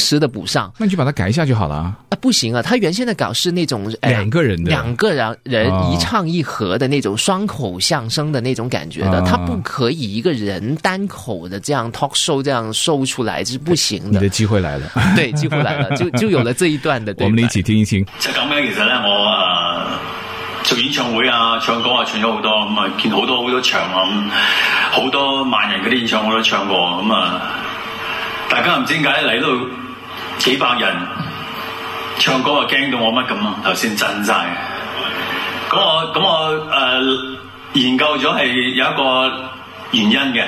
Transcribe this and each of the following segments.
時的補上，那你就把它改一下就好了啊，啊！不行啊！他原先的稿是那種、哎、兩個人的兩個人人一唱一和的那種雙口相聲的那種感覺的，啊、他不可以一個人單口的這樣 talk show 這樣 show 出來，這是不行的。你的機會來了，對，機會來了， 就就有了這一段的對對。我們來一起聽一聽。就咁樣。其實呢，我啊、呃、做演唱會啊，唱歌啊，唱咗好多咁啊、嗯，見好多好多場啊，咁、嗯、好多萬人嗰啲演唱會都唱過咁啊、嗯呃，大家唔知點解嚟到。幾百人唱歌啊，驚到我乜咁啊，頭先震晒。咁我咁我誒、呃、研究咗係有一個原因嘅，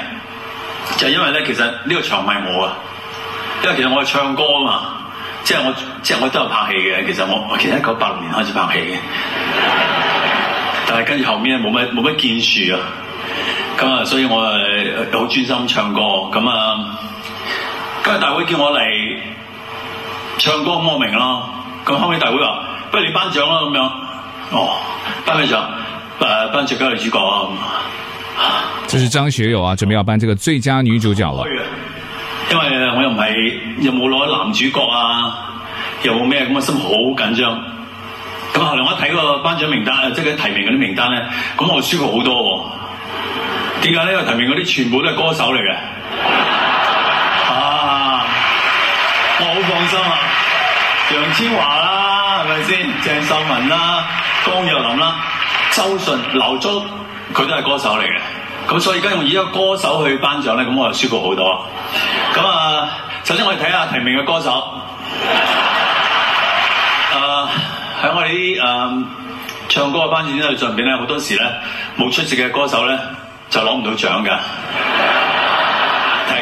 就係、是、因為咧其實呢個場唔係我啊，因為其實我係唱歌啊嘛，即係我即係我都有拍戲嘅其實我，我其實一九八六年開始拍戲嘅，但係跟住後面冇乜冇乜建樹啊，咁啊所以我係好專心唱歌咁啊，今日大會叫我嚟唱歌咁我明啦，咁後尾大會話不如你頒獎啦咁樣，哦頒獎，誒頒獎畀女主角啊，咁，這是張學友啊，嗯、準備要頒呢個最佳女主角啦，因為我又唔係又冇攞男主角啊，又冇咩咁嘅心好緊張。咁後來我一睇個頒獎名單，即係啲提名嗰啲名單咧，咁我舒服好多，哦。點解呢？因為提名嗰啲全部都係歌手嚟嘅。放心啊，楊千嬅啦，係咪先？鄭秀文啦，江若琳啦，周迅、劉燭，佢都係歌手嚟嘅。咁所以而家用而家歌手去頒獎咧，咁我就舒服好多。咁啊，首先我哋睇下提名嘅歌手。誒、 uh,，喺我哋啲誒唱歌嘅頒獎典禮上邊咧，好多時咧冇出席嘅歌手咧就攞唔到獎㗎。